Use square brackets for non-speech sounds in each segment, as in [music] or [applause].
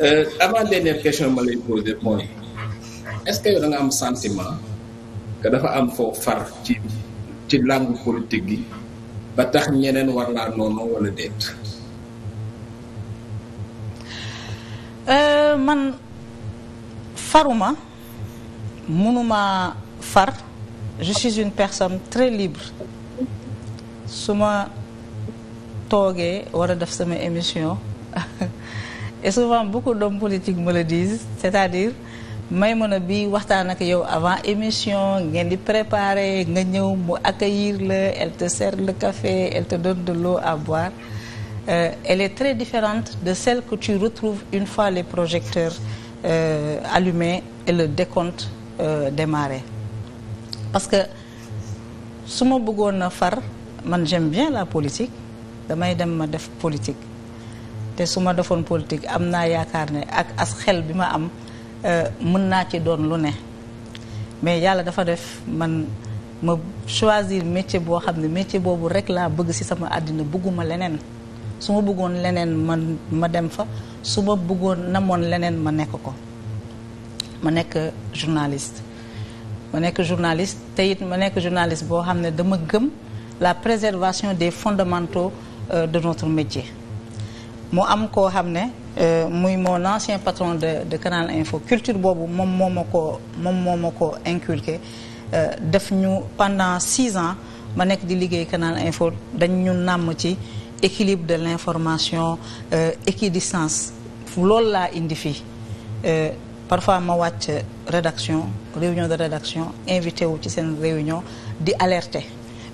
Euh, avant dernière question ma lay poser mooy est-ce que yow da nga am sentiment que dafa am foo far ci ci langue politique gi ba tax ñeneen war laa noonu wala déet. Euh, man faruma mënuma far je suis une personne très libre su ma toogee war a def sama émission. [laughs] et souvent beaucoup d'hommes politiques me le disent c'est-à-dire Maymuna bii waxtaan ak yow avant émission ngeen di préparer nga ñëw mu accueillir la elle te sert le café elle te donne de loo à boire euh, elle est très différente de celle que tu retrouves une fois les projecteur euh, allumés et le décompte euh, démarré parce que su ma bëggoon a far man j'aime bien la politique damay dem ma def politique te su ma defoon politique am naa yaakaar ne ak as xel bi ma am euh, mën naa ci doon lu ne mais yàlla dafa def man ma choisir métier boo xam ne métier boobu rek laa bëgg ci sama àddina bëgguma leneen su ma bëggoon leneen ma ma dem fa su ma bëggoon namoon leneen ma nekk ko ma nekk journaliste ma nekk journaliste te it ma nekk journaliste boo xam ne dama gëm la préservation des fondamentaux euh, de notre métier mu am koo xam ne euh, muy mon ancien patron de de Canal Info culture boobu moom moo ma ko moom moo ma ko inculqué euh, def ñu pendant six ans ma nekk di liggéey Canal Info dañ ñu nàmm ci équilibre de l'information euh, équidistance loolu laa indi fii parfois ma wàcc rédaction réunion de rédaction invité wu ci seen réunion di alerter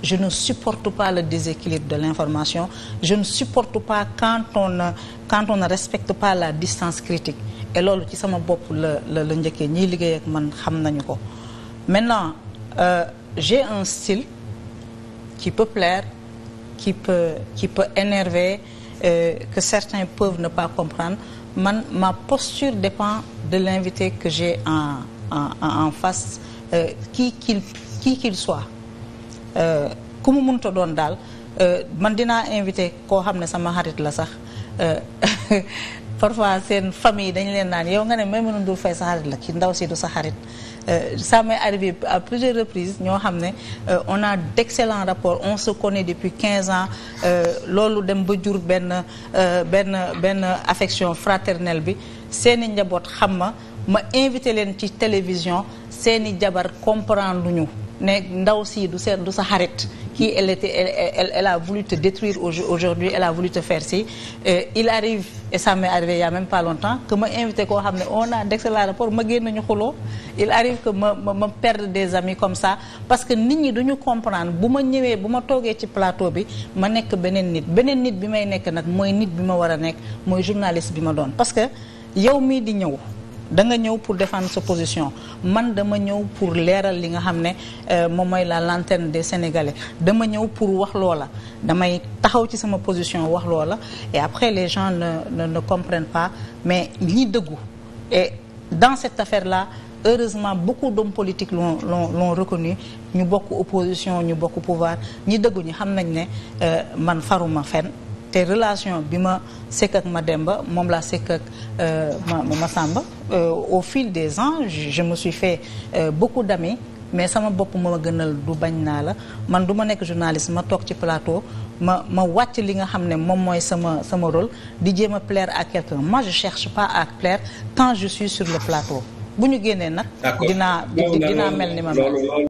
je ne supporte pas le déséquilibre de l'information je ne supporte pas quand on ne quand respecte pas la distance critique et loolu ci sama bopp la la la njëkkee ñiy liggéey man xam nañu ko maintenant euh, j'ai un style qui peut plaire qui peut qui peut énerver euh, que certains peuvent ne pas comprendre man ma posture dépend de l'invité que j'ai en en en face euh, qui qu'il qui qu'il soit Euh, ku mu munta doon daal euh, man dinaa invité koo xam ne sama xarit la sax euh, [laughs] parfois seen famille dañu leen naan yow nga ne may mënu dul fay sa xarit la ci ndaw si du sa xarit ça m'est arrivé à plusieurs reprises ñoo xam ne on a d'excellents rapport on se connaît depuis 15 ans loolu dem ba jur benn benn benn affection fraternelle bi seeni njaboot xam ma ma invité leen ci télévision seeni jabar comprendre ñu ne ndaw si du seen du sa xarit kii elle était elle elle a voulu te détruire aujourd'hui elle a voulu te faire si euh, il arrive et ça m'est arrivé même pas longtemps que ma invité koo xam ne on a d'excellents rapports ma génn ñu xuloo il arrive que ma ma ma perdre des amis comme ça parce que nit ñi duñu comprendre bu ma ñëwee bu ma toogee ci plateau bi ma nekk beneen nit beneen nit bi may nekk nag mooy nit bi ma war a nekk mooy journaliste bi ma doon parce que yow mii di ñëw da nga ñëw pour défendre sa position man dama ñëw pour leeral li nga xam ne euh, moom mooy la lanterne des Sénégalais dama ñëw pour wax loola damay taxaw ci sama position wax loola et après les gens ne ne, ne comprennent pas mais ñi dëggu et dans cette affaire la heureusement beaucoup d'hommes politique l'ont l'ont l'ont reconnu ñu bokk opposition ñu bokk pouvoir ñi dëggu ñi xam nañ ne euh, man faruma fenn te relation bi ma sekk ak Mademba moom laa sekk ak euh, ma Masamba euh, au fil des ans je me suis fait euh, beaucoup d'amis mais sama bopp ma gënal du bañ naa la man du ma nekk journaliste ma toog ci plateau ma ma wàcc li nga xam ne moom mooy sama sama rôle di jéem a plaire à quelqu'un moi je cherche pas à plaire tant je suis sur le plateau bu ñu génnee nag dinaa dinaa mel ni ma mel